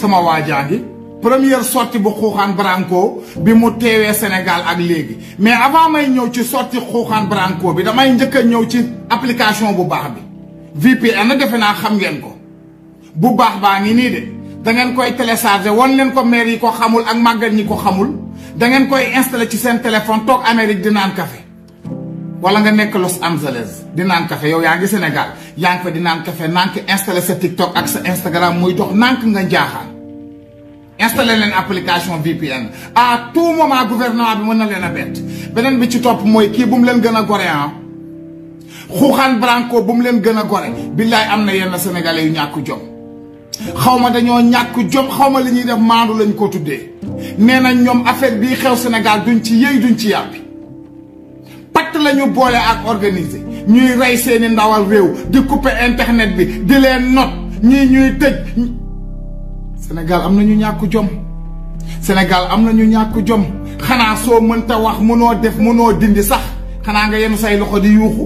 sama waajaa ngi première sortie bu xuuxaan branco bi mu teewee Sénégal ak léegi mais avant may ñëw ci sortie xuuxaan branco bi damay njëkk a ñëw ci application bu baax bi VPN defe naa xam ngeen ko bu baax baa ngi nii de da ngeen koy télécharger wan leen ko maire yi ko xamul ak màggat ñi ko xamul da ngeen koy installé ci seen téléphone toog Amérique di naan kafe wala nga nekk Los Angeles di naan kafe yow yaa ngi Sénégal yaa ngi fa di naan café nànk installé ak sa muy dox nànk nga njaaxaan installé leen application VPN à tout moment bi mën na leen a bett beneen bi ci topp mooy kii bu mu leen gën a gore ah xuuxaan branco bu mu leen gën a gore billaay am na yenn sénégalais yu ñàkk jom xaw ma dañoo ñàkk jom xaw ma li ñuy def maandu lañ ko tuddee nee nañ ñoom affaire bii xew Sénégal duñ ci yëy duñ ci yàppi patt lañu boole ak organiser ñuy rey seeni ndawal réew di couper internet bi di leen not ñii ñuy tëj Sénégal am na ñu ñàkk jom Sénégal am na ñu ñàkk jom xanaa soo mënta wax mënoo def mënoo dindi sax xanaa nga yenu say loxo di yuuxu